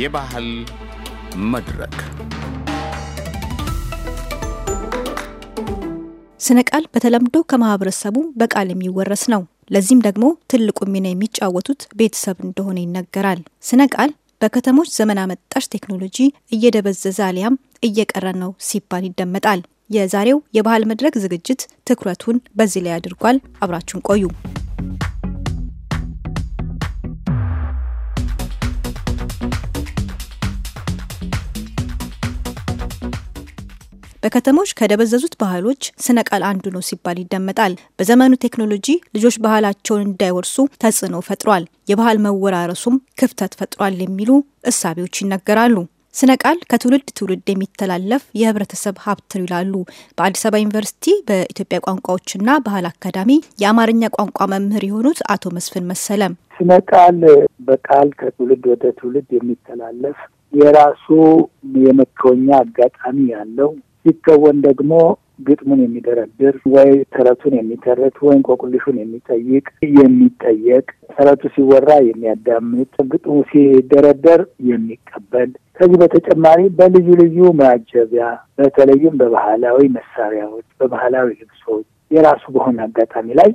የባህል መድረክ ስነ ቃል በተለምዶ ከማህበረሰቡ በቃል የሚወረስ ነው። ለዚህም ደግሞ ትልቁ ሚና የሚጫወቱት ቤተሰብ እንደሆነ ይነገራል። ስነ ቃል በከተሞች ዘመን አመጣሽ ቴክኖሎጂ እየደበዘዘ አሊያም እየቀረ ነው ሲባል ይደመጣል። የዛሬው የባህል መድረክ ዝግጅት ትኩረቱን በዚህ ላይ አድርጓል። አብራችሁን ቆዩ። በከተሞች ከደበዘዙት ባህሎች ስነ ቃል አንዱ ነው ሲባል ይደመጣል። በዘመኑ ቴክኖሎጂ ልጆች ባህላቸውን እንዳይወርሱ ተጽዕኖ ፈጥሯል። የባህል መወራረሱም ክፍተት ፈጥሯል የሚሉ እሳቤዎች ይነገራሉ። ስነ ቃል ከትውልድ ትውልድ የሚተላለፍ የህብረተሰብ ሀብት ነው ይላሉ በአዲስ አበባ ዩኒቨርሲቲ በኢትዮጵያ ቋንቋዎችና ባህል አካዳሚ የአማርኛ ቋንቋ መምህር የሆኑት አቶ መስፍን መሰለም። ስነ ቃል በቃል ከትውልድ ወደ ትውልድ የሚተላለፍ የራሱ የመቶኛ አጋጣሚ ያለው ሲከወን ደግሞ ግጥሙን የሚደረድር ወይ ተረቱን የሚተረት ወይ እንቆቅልሹን የሚጠይቅ የሚጠየቅ ተረቱ ሲወራ የሚያዳምጥ ግጥሙ ሲደረደር የሚቀበል ከዚህ በተጨማሪ በልዩ ልዩ ማጀቢያ በተለይም በባህላዊ መሳሪያዎች፣ በባህላዊ ልብሶች የራሱ በሆነ አጋጣሚ ላይ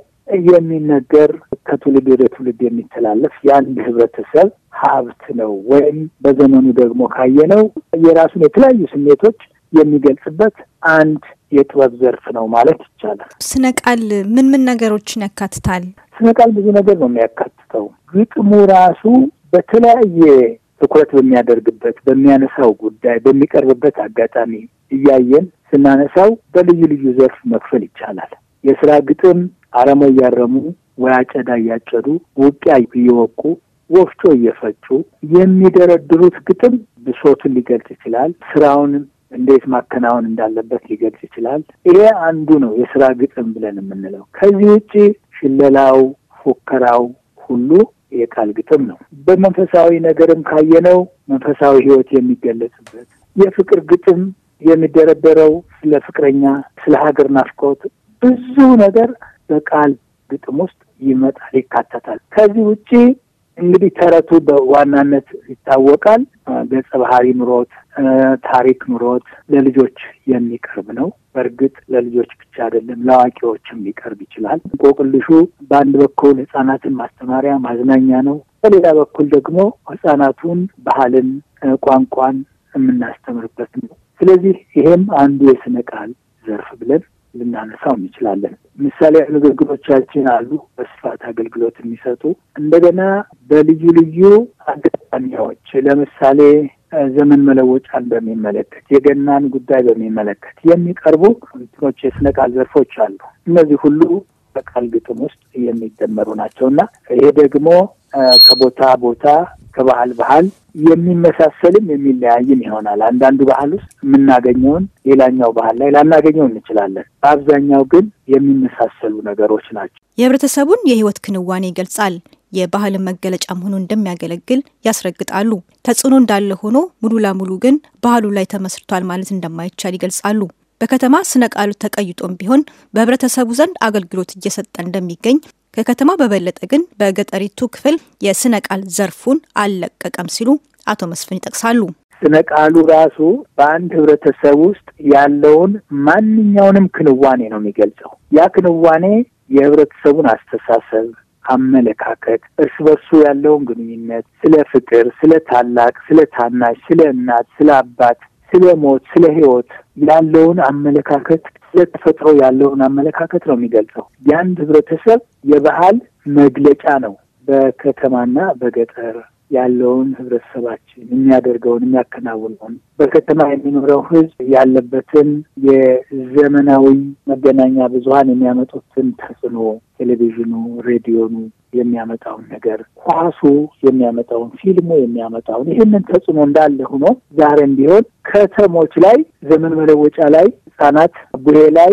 የሚነገር ከትውልድ ወደ ትውልድ የሚተላለፍ የአንድ ህብረተሰብ ሀብት ነው ወይም በዘመኑ ደግሞ ካየነው የራሱን የተለያዩ ስሜቶች የሚገልጽበት አንድ የጥበብ ዘርፍ ነው ማለት ይቻላል። ስነ ቃል ምን ምን ነገሮችን ያካትታል? ስነ ቃል ብዙ ነገር ነው የሚያካትተው። ግጥሙ ራሱ በተለያየ ትኩረት በሚያደርግበት በሚያነሳው ጉዳይ በሚቀርብበት አጋጣሚ እያየን ስናነሳው በልዩ ልዩ ዘርፍ መክፈል ይቻላል። የስራ ግጥም አረሞ እያረሙ ወይ አጨዳ እያጨዱ ውቅያ እየወቁ ወፍጮ እየፈጩ የሚደረድሩት ግጥም ብሶትን ሊገልጽ ይችላል። ስራውን እንዴት ማከናወን እንዳለበት ሊገልጽ ይችላል። ይሄ አንዱ ነው የስራ ግጥም ብለን የምንለው። ከዚህ ውጭ ሽለላው፣ ፉከራው ሁሉ የቃል ግጥም ነው። በመንፈሳዊ ነገርም ካየነው መንፈሳዊ ህይወት የሚገለጽበት የፍቅር ግጥም የሚደረደረው ስለ ፍቅረኛ፣ ስለ ሀገር ናፍቆት ብዙ ነገር በቃል ግጥም ውስጥ ይመጣል፣ ይካተታል። ከዚህ ውጭ እንግዲህ ተረቱ በዋናነት ይታወቃል። ገጸ ባህሪ ኑሮት፣ ታሪክ ኑሮት ለልጆች የሚቀርብ ነው። በእርግጥ ለልጆች ብቻ አይደለም፣ ለአዋቂዎችም ሊቀርብ ይችላል። እንቆቅልሹ በአንድ በኩል ህጻናትን ማስተማሪያ ማዝናኛ ነው። በሌላ በኩል ደግሞ ህጻናቱን ባህልን፣ ቋንቋን የምናስተምርበት ነው። ስለዚህ ይሄም አንዱ የስነ ቃል ዘርፍ ብለን ልናነሳው እንችላለን። ምሳሌ ንግግሮቻችን አሉ በስፋት አገልግሎት የሚሰጡ እንደገና በልዩ ልዩ አጋጣሚዎች ለምሳሌ ዘመን መለወጫን በሚመለከት የገናን ጉዳይ በሚመለከት የሚቀርቡ እንትኖች የስነ ቃል ዘርፎች አሉ። እነዚህ ሁሉ በቃል ግጥም ውስጥ የሚደመሩ ናቸው እና ይሄ ደግሞ ከቦታ ቦታ ከባህል ባህል የሚመሳሰልም የሚለያይም ይሆናል። አንዳንዱ ባህል ውስጥ የምናገኘውን ሌላኛው ባህል ላይ ላናገኘው እንችላለን። በአብዛኛው ግን የሚመሳሰሉ ነገሮች ናቸው። የህብረተሰቡን የህይወት ክንዋኔ ይገልጻል። የባህልን መገለጫ መሆኑ እንደሚያገለግል ያስረግጣሉ። ተጽዕኖ እንዳለ ሆኖ ሙሉ ለሙሉ ግን ባህሉ ላይ ተመስርቷል ማለት እንደማይቻል ይገልጻሉ። በከተማ ስነ ቃሉ ተቀይጦም ቢሆን በህብረተሰቡ ዘንድ አገልግሎት እየሰጠ እንደሚገኝ ከከተማ በበለጠ ግን በገጠሪቱ ክፍል የስነ ቃል ዘርፉን አልለቀቀም ሲሉ አቶ መስፍን ይጠቅሳሉ። ስነ ቃሉ ራሱ በአንድ ህብረተሰብ ውስጥ ያለውን ማንኛውንም ክንዋኔ ነው የሚገልጸው። ያ ክንዋኔ የህብረተሰቡን አስተሳሰብ፣ አመለካከት፣ እርስ በርሱ ያለውን ግንኙነት፣ ስለ ፍቅር፣ ስለ ታላቅ፣ ስለ ታናሽ፣ ስለ እናት፣ ስለ አባት ስለ ሞት፣ ስለ ህይወት ያለውን አመለካከት ተፈጥሮ ያለውን አመለካከት ነው የሚገልጸው። የአንድ ህብረተሰብ የባህል መግለጫ ነው። በከተማና በገጠር ያለውን ህብረተሰባችን የሚያደርገውን የሚያከናውነውን በከተማ የሚኖረው ህዝብ ያለበትን የዘመናዊ መገናኛ ብዙሀን የሚያመጡትን ተጽዕኖ ቴሌቪዥኑ፣ ሬዲዮኑ የሚያመጣውን ነገር፣ ኳሱ የሚያመጣውን፣ ፊልሙ የሚያመጣውን ይህንን ተጽዕኖ እንዳለ ሆኖ ዛሬም ቢሆን ከተሞች ላይ ዘመን መለወጫ ላይ ህጻናት ቡሄ ላይ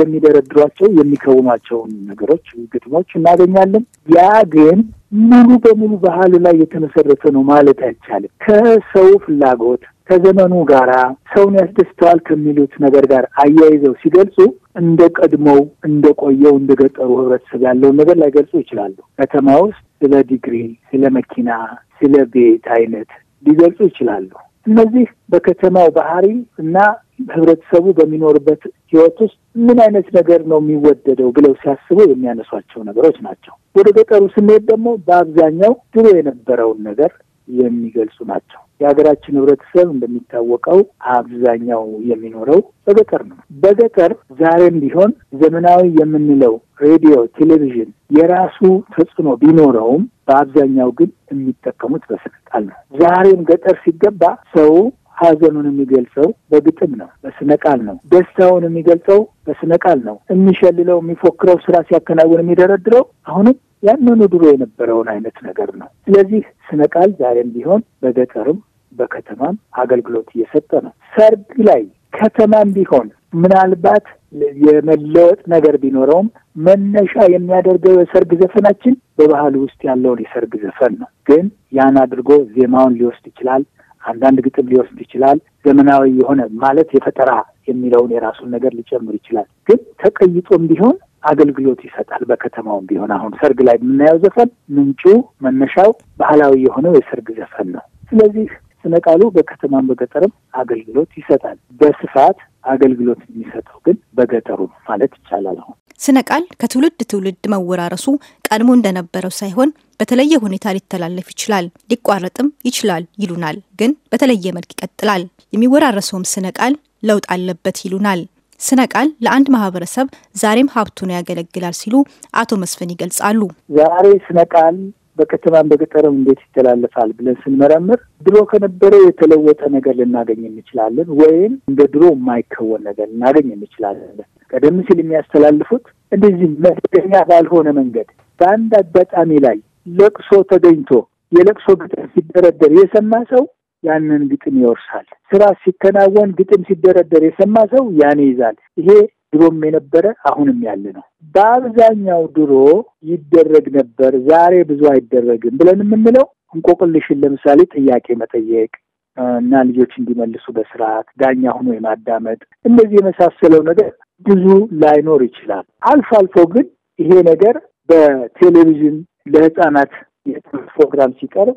የሚደረድሯቸው የሚከውኗቸውን ነገሮች፣ ግጥሞች እናገኛለን። ያ ግን ሙሉ በሙሉ ባህሉ ላይ የተመሰረተ ነው ማለት አይቻልም። ከሰው ፍላጎት ከዘመኑ ጋራ ሰውን ያስደስተዋል ከሚሉት ነገር ጋር አያይዘው ሲገልጹ እንደ ቀድሞው እንደ ቆየው እንደ ገጠሩ ህብረተሰብ ያለውን ነገር ላይገልጹ ይችላሉ። ከተማ ውስጥ ስለ ዲግሪ፣ ስለ መኪና፣ ስለ ቤት አይነት ሊገልጹ ይችላሉ። እነዚህ በከተማው ባህሪ እና ህብረተሰቡ በሚኖርበት ህይወት ውስጥ ምን አይነት ነገር ነው የሚወደደው ብለው ሲያስቡ የሚያነሷቸው ነገሮች ናቸው። ወደ ገጠሩ ስንሄድ ደግሞ በአብዛኛው ድሮ የነበረውን ነገር የሚገልጹ ናቸው። የሀገራችን ህብረተሰብ እንደሚታወቀው አብዛኛው የሚኖረው በገጠር ነው። በገጠር ዛሬም ቢሆን ዘመናዊ የምንለው ሬዲዮ፣ ቴሌቪዥን የራሱ ተጽዕኖ ቢኖረውም በአብዛኛው ግን የሚጠቀሙት በስነቃል ነው። ዛሬም ገጠር ሲገባ ሰው ሀዘኑን የሚገልጸው በግጥም ነው፣ በስነ ቃል ነው። ደስታውን የሚገልጸው በስነ ቃል ነው። የሚሸልለው፣ የሚፎክረው፣ ስራ ሲያከናውን የሚደረድረው አሁንም ያንኑ ድሮ የነበረውን አይነት ነገር ነው። ስለዚህ ስነ ቃል ዛሬም ቢሆን በገጠርም በከተማም አገልግሎት እየሰጠ ነው። ሰርግ ላይ ከተማም ቢሆን ምናልባት የመለወጥ ነገር ቢኖረውም መነሻ የሚያደርገው የሰርግ ዘፈናችን በባህል ውስጥ ያለውን የሰርግ ዘፈን ነው። ግን ያን አድርጎ ዜማውን ሊወስድ ይችላል። አንዳንድ ግጥም ሊወስድ ይችላል። ዘመናዊ የሆነ ማለት የፈጠራ የሚለውን የራሱን ነገር ሊጨምር ይችላል። ግን ተቀይጦም ቢሆን አገልግሎት ይሰጣል። በከተማውም ቢሆን አሁን ሰርግ ላይ የምናየው ዘፈን ምንጩ መነሻው ባህላዊ የሆነው የሰርግ ዘፈን ነው። ስለዚህ ስነ ቃሉ በከተማም በገጠርም አገልግሎት ይሰጣል። በስፋት አገልግሎት የሚሰጠው ግን በገጠሩ ነው ማለት ይቻላል። አሁን ስነ ቃል ከትውልድ ትውልድ መወራረሱ ቀድሞ እንደነበረው ሳይሆን በተለየ ሁኔታ ሊተላለፍ ይችላል፣ ሊቋረጥም ይችላል ይሉናል። ግን በተለየ መልክ ይቀጥላል። የሚወራረሰውም ስነ ቃል ለውጥ አለበት ይሉናል። ስነ ቃል ለአንድ ማህበረሰብ ዛሬም ሀብቱ ነው ያገለግላል ሲሉ አቶ መስፍን ይገልጻሉ። ዛሬ ስነ ቃል በከተማም በገጠርም እንዴት ይተላለፋል ብለን ስንመረምር ድሮ ከነበረው የተለወጠ ነገር ልናገኝ እንችላለን፣ ወይም እንደ ድሮ የማይከወን ነገር ልናገኝ እንችላለን። ቀደም ሲል የሚያስተላልፉት እንደዚህ መደበኛ ባልሆነ መንገድ በአንድ አጋጣሚ ላይ ለቅሶ ተገኝቶ የለቅሶ ገጠር ሲደረደር የሰማ ሰው ያንን ግጥም ይወርሳል። ስራ ሲከናወን ግጥም ሲደረደር የሰማ ሰው ያን ይዛል። ይሄ ድሮም የነበረ አሁንም ያለ ነው። በአብዛኛው ድሮ ይደረግ ነበር፣ ዛሬ ብዙ አይደረግም ብለን የምንለው እንቆቅልሽን ለምሳሌ ጥያቄ መጠየቅ እና ልጆች እንዲመልሱ በስርዓት ዳኛ ሆኖ የማዳመጥ እነዚህ የመሳሰለው ነገር ብዙ ላይኖር ይችላል። አልፎ አልፎ ግን ይሄ ነገር በቴሌቪዥን ለህፃናት የትምህርት ፕሮግራም ሲቀርብ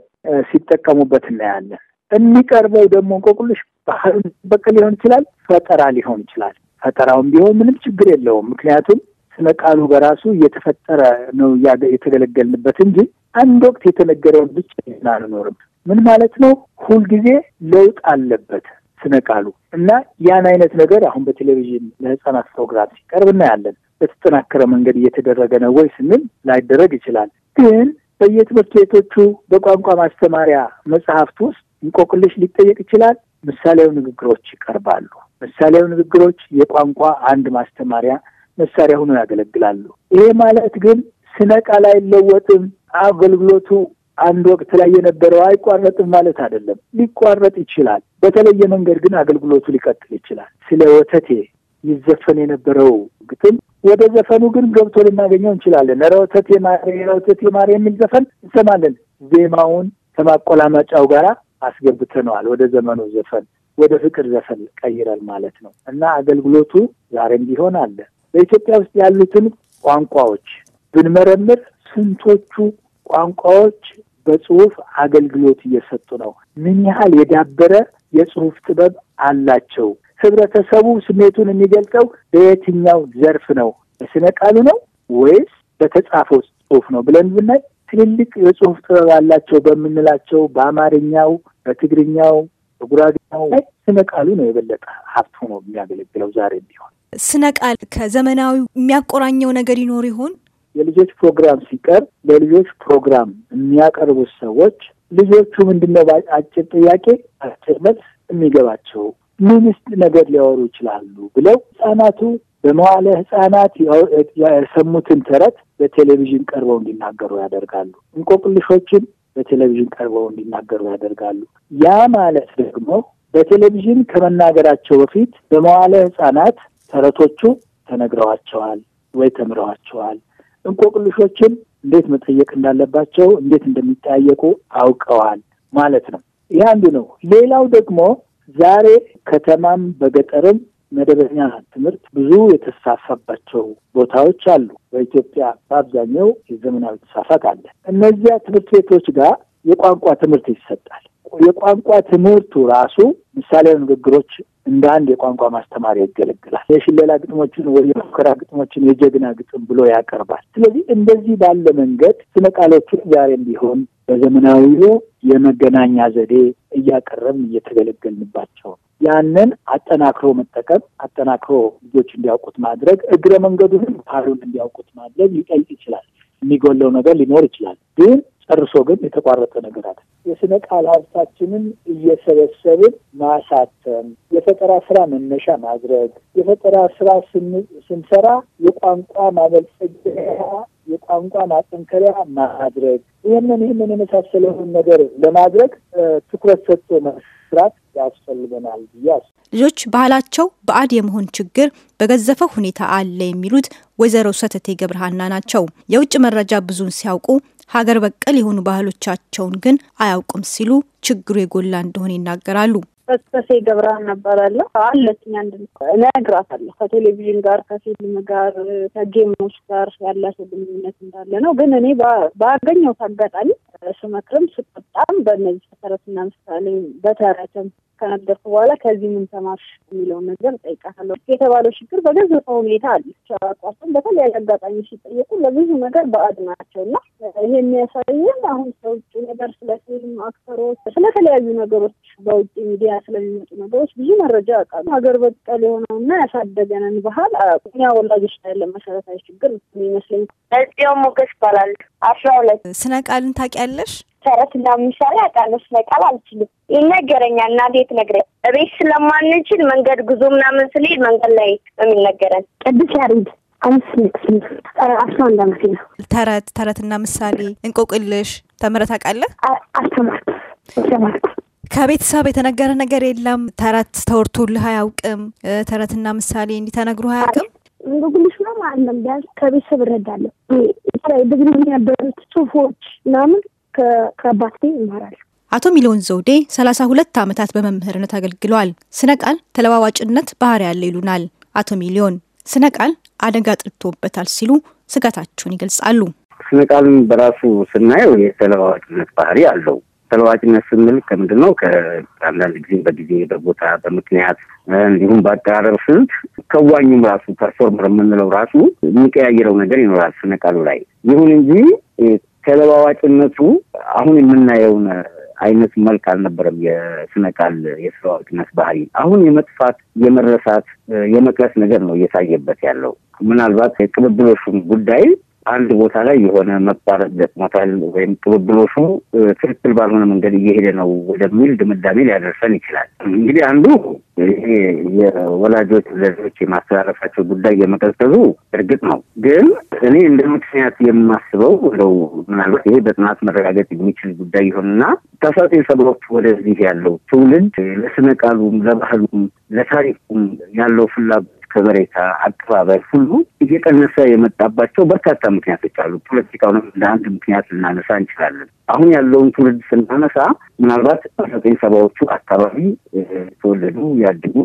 ሲጠቀሙበት እናያለን። የሚቀርበው ደግሞ እንቆቅልሽ ባህሉን በቀ ሊሆን ይችላል፣ ፈጠራ ሊሆን ይችላል። ፈጠራውም ቢሆን ምንም ችግር የለውም። ምክንያቱም ስለ ቃሉ በራሱ እየተፈጠረ ነው የተገለገልንበት እንጂ አንድ ወቅት የተነገረውን ብቻ አንኖርም። ምን ማለት ነው? ሁልጊዜ ለውጥ አለበት ስነ ቃሉ እና ያን አይነት ነገር አሁን በቴሌቪዥን ለህፃናት ፕሮግራም ሲቀርብ እናያለን። በተጠናከረ መንገድ እየተደረገ ነው ወይ ስንል ላይደረግ ይችላል። ግን በየትምህርት ቤቶቹ በቋንቋ ማስተማሪያ መጽሐፍት ውስጥ እንቆቅልሽ ሊጠየቅ ይችላል። ምሳሌያዊ ንግግሮች ይቀርባሉ። ምሳሌያዊ ንግግሮች የቋንቋ አንድ ማስተማሪያ መሳሪያ ሆኖ ያገለግላሉ። ይሄ ማለት ግን ስነ ቃል አይለወጥም፣ አገልግሎቱ አንድ ወቅት ላይ የነበረው አይቋረጥም ማለት አይደለም። ሊቋረጥ ይችላል። በተለየ መንገድ ግን አገልግሎቱ ሊቀጥል ይችላል። ስለ ወተቴ ይዘፈን የነበረው ግጥም ወደ ዘፈኑ ግን ገብቶ ልናገኘው እንችላለን። ኧረ ወተቴ ማሬ፣ ኧረ ወተቴ ማሬ የሚል ዘፈን እንሰማለን። ዜማውን ከማቆላመጫው ጋራ አስገብተነዋል። ወደ ዘመኑ ዘፈን፣ ወደ ፍቅር ዘፈን ቀይረን ማለት ነው እና አገልግሎቱ ዛሬም ቢሆን አለ። በኢትዮጵያ ውስጥ ያሉትን ቋንቋዎች ብንመረምር ስንቶቹ ቋንቋዎች በጽሁፍ አገልግሎት እየሰጡ ነው? ምን ያህል የዳበረ የጽሁፍ ጥበብ አላቸው? ህብረተሰቡ ስሜቱን የሚገልጸው በየትኛው ዘርፍ ነው? በስነ ቃሉ ነው ወይስ በተጻፈው ጽሁፍ ነው ብለን ብናይ ትልልቅ የጽሁፍ ጥበብ አላቸው በምንላቸው በአማርኛው፣ በትግርኛው፣ በጉራግኛው ስነ ቃሉ ነው የበለጠ ሀብት ሆኖ የሚያገለግለው ዛሬ ቢሆን ስነ ቃል ከዘመናዊ የሚያቆራኘው ነገር ይኖር ይሆን? የልጆች ፕሮግራም ሲቀርብ ለልጆች ፕሮግራም የሚያቀርቡት ሰዎች ልጆቹ ምንድን ነው አጭር ጥያቄ አጭር መልስ የሚገባቸው ምን ነገር ሊያወሩ ይችላሉ ብለው ህጻናቱ በመዋለ ህጻናት የሰሙትን ተረት በቴሌቪዥን ቀርበው እንዲናገሩ ያደርጋሉ። እንቆቅልሾችን በቴሌቪዥን ቀርበው እንዲናገሩ ያደርጋሉ። ያ ማለት ደግሞ በቴሌቪዥን ከመናገራቸው በፊት በመዋለ ህጻናት ተረቶቹ ተነግረዋቸዋል ወይ ተምረዋቸዋል። እንቆቅልሾችን እንዴት መጠየቅ እንዳለባቸው፣ እንዴት እንደሚጠያየቁ አውቀዋል ማለት ነው። ይህ አንዱ ነው። ሌላው ደግሞ ዛሬ ከተማም በገጠርም መደበኛ ትምህርት ብዙ የተስፋፋባቸው ቦታዎች አሉ። በኢትዮጵያ በአብዛኛው የዘመናዊ ተስፋፋት አለ። እነዚያ ትምህርት ቤቶች ጋር የቋንቋ ትምህርት ይሰጣል። የቋንቋ ትምህርቱ ራሱ ምሳሌያዊ ንግግሮች እንደ አንድ የቋንቋ ማስተማሪያ ያገለግላል። የሽለላ ግጥሞችን ወይ የፉከራ ግጥሞችን የጀግና ግጥም ብሎ ያቀርባል። ስለዚህ እንደዚህ ባለ መንገድ ስነ ቃሎቹን ዛሬም ቢሆን በዘመናዊው የመገናኛ ዘዴ እያቀረብን እየተገለገልንባቸው ያንን አጠናክሮ መጠቀም አጠናክሮ ልጆች እንዲያውቁት ማድረግ እግረ መንገዱንም ባህሉን እንዲያውቁት ማድረግ ሊጠይቅ ይችላል። የሚጎለው ነገር ሊኖር ይችላል ግን ጨርሶ ግን የተቋረጠ ነገር አለ። የስነ ቃል ሀብታችንን እየሰበሰብን ማሳተም፣ የፈጠራ ስራ መነሻ ማድረግ፣ የፈጠራ ስራ ስንሰራ የቋንቋ ማበልጸጊያ፣ የቋንቋ ማጠንከሪያ ማድረግ፣ ይህንን ይህንን የመሳሰለውን ነገር ለማድረግ ትኩረት ሰጥቶ መስራት ያስፈልገናል ብያስ ልጆች ባህላቸው በአድ የመሆን ችግር በገዘፈ ሁኔታ አለ የሚሉት ወይዘሮ ሰተቴ ገብረሃና ናቸው። የውጭ መረጃ ብዙን ሲያውቁ ሀገር በቀል የሆኑ ባህሎቻቸውን ግን አያውቁም ሲሉ ችግሩ የጎላ እንደሆነ ይናገራሉ። ተስፋሴ ገብረሃን እባላለሁ። አለችኝ አንድ እነግራታለሁ። ከቴሌቪዥን ጋር ከፊልም ጋር ከጌሞች ጋር ያላቸው ግንኙነት እንዳለ ነው። ግን እኔ ባገኘው አጋጣሚ ስመክርም ስቆጣም በእነዚህ ተረትና ምሳሌ በተረትም ከነገርኩ በኋላ ከዚህ ምን ተማርሽ የሚለውን ነገር እጠይቃታለሁ። የተባለው ችግር በገዘፈ ሁኔታ አለች አቋም በተለያዩ አጋጣሚዎች ሲጠየቁ ለብዙ ነገር በአድ ናቸው እና ይሄ የሚያሳየን አሁን ከውጭ ነገር ስለ ፊልም አክተሮች፣ ስለተለያዩ ነገሮች በውጭ ሚዲያ ስለሚመጡ ነገሮች ብዙ መረጃ ያውቃሉ። ሀገር በቀል የሆነውና ያሳደገንን ባህል እኛ ወላጆች ላይ ያለ መሰረታዊ ችግር ይመስለኝ። እዚያው ሞገስ ይባላል። አስራ ሁለት ስነ ቃልን ታውቂያለሽ? ታውቂያለሽ? ተረት እና ምሳሌ አውቃለሁ። መቃል አልችልም። ይነገረኛል። እናቴ ትነግረኝ። እቤት ስለማንችል መንገድ ጉዞ ምናምን ስልሄድ መንገድ ላይ የሚነገረን ቅዱስ ያሬድ አስራ አንድ ዓመቴ ተረት እና ምሳሌ እንቆቅልሽ ተምረት ታውቃለህ? አስተማርኩ አስተማርኩ ከቤተሰብ የተነገረ ነገር የለም። ተረት ተወርቶልህ አያውቅም። ተረትና ምሳሌ እንዲህ ተነግሮ አያውቅም። እንቆቅልሽ ምናምን አለም ቢያንስ ከቤተሰብ እረዳለሁ። ብዙ የነበሩት ጽሁፎች ምናምን ከአባቴ ይማራል። አቶ ሚሊዮን ዘውዴ ሰላሳ ሁለት ዓመታት በመምህርነት አገልግለዋል። ስነ ቃል ተለዋዋጭነት ባህሪ ያለ ይሉናል አቶ ሚሊዮን። ስነ ቃል አደጋ ጥርቶበታል ሲሉ ስጋታቸውን ይገልጻሉ። ስነ ቃልን በራሱ ስናየው የተለዋዋጭነት ባህሪ አለው። ተለዋጭነት ስንል ከምንድን ነው? ከአንዳንድ ጊዜ በጊዜ በቦታ በምክንያት እንዲሁም በአቀራረብ ስልት ከዋኙም ራሱ ፐርፎርመር የምንለው ራሱ የሚቀያየረው ነገር ይኖራል ስነ ቃሉ ላይ። ይሁን እንጂ ተለዋዋጭነቱ አሁን የምናየውን አይነት መልክ አልነበረም። የስነ ቃል የተለዋዋጭነት ባህሪ አሁን የመጥፋት የመረሳት የመቅረስ ነገር ነው እየታየበት ያለው። ምናልባት የቅብብሎሹን ጉዳይ አንድ ቦታ ላይ የሆነ መቋረጥ ገጥሞታል ወይም ቅብብሎሹ ትክክል ባልሆነ መንገድ እየሄደ ነው ወደሚል ድምዳሜ ሊያደርሰን ይችላል። እንግዲህ አንዱ ይሄ የወላጆች ለልጆች የማስተላለፋቸው ጉዳይ የመቀዝቀዙ እርግጥ ነው። ግን እኔ እንደ ምክንያት የማስበው ለው ምናልባት ይሄ በጥናት መረጋገጥ የሚችል ጉዳይ ይሆንና ተሳሴ ሰብሮች ወደዚህ ያለው ትውልድ ለስነ ቃሉም ለባህሉም ለታሪኩም ያለው ፍላጎት ከበሬታ አቀባበል ሁሉ እየቀነሰ የመጣባቸው በርካታ ምክንያቶች አሉ። ፖለቲካውንም እንደ አንድ ምክንያት ልናነሳ እንችላለን። አሁን ያለውን ትውልድ ስናነሳ ምናልባት ዘጠኝ ሰባዎቹ አካባቢ የተወለዱ ያድጉ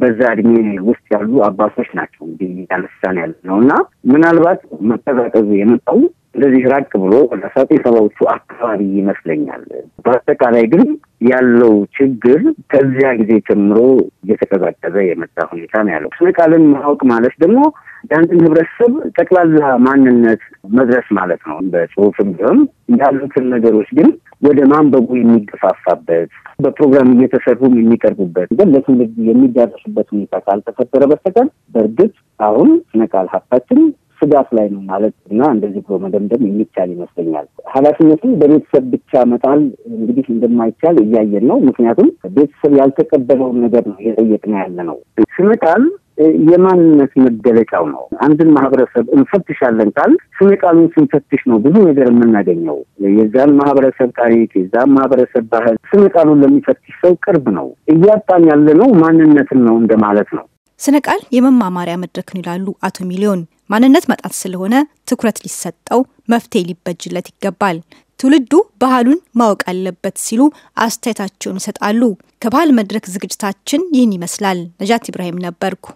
በዛ እድሜ ውስጥ ያሉ አባቶች ናቸው እንግዲህ ያነሳን ያለ ነው እና ምናልባት መቀዛቀዙ የመጣው ስለዚህ ራቅ ብሎ ወደ ሰባዎቹ አካባቢ ይመስለኛል። በአጠቃላይ ግን ያለው ችግር ከዚያ ጊዜ ጀምሮ እየተቀዛቀዘ የመጣ ሁኔታ ነው ያለው። ስነ ቃልን ማወቅ ማለት ደግሞ የአንድን ህብረተሰብ ጠቅላላ ማንነት መድረስ ማለት ነው። በጽሁፍም ቢሆን ያሉትን ነገሮች ግን ወደ ማንበቡ የሚገፋፋበት በፕሮግራም እየተሰሩም የሚቀርቡበት ለትውልድ የሚዳረሱበት ሁኔታ ካልተፈጠረ በስተቀር በእርግጥ አሁን ስነ ቃል ሀብታችን ስጋት ላይ ነው ማለት እና እንደዚህ ብሎ መደምደም የሚቻል ይመስለኛል። ኃላፊነቱን በቤተሰብ ብቻ መጣል እንግዲህ እንደማይቻል እያየን ነው። ምክንያቱም ቤተሰብ ያልተቀበለውን ነገር ነው እየጠየቅነው ያለ ነው። ቃል የማንነት መገለጫው ነው። አንድን ማህበረሰብ እንፈትሻለን ካል ስነ ቃሉን ስንፈትሽ ነው ብዙ ነገር የምናገኘው። የዛን ማህበረሰብ ታሪክ፣ የዛን ማህበረሰብ ባህል ስነ ቃሉን ለሚፈትሽ ሰው ቅርብ ነው። እያጣን ያለ ነው ማንነትን ነው እንደማለት ነው። ስነ ቃል የመማማሪያ መድረክን ይላሉ አቶ ሚሊዮን። ማንነት መጣት ስለሆነ ትኩረት ሊሰጠው፣ መፍትሄ ሊበጅለት ይገባል። ትውልዱ ባህሉን ማወቅ አለበት ሲሉ አስተያየታቸውን ይሰጣሉ። ከባህል መድረክ ዝግጅታችን ይህን ይመስላል። ነጃት ኢብራሂም ነበርኩ።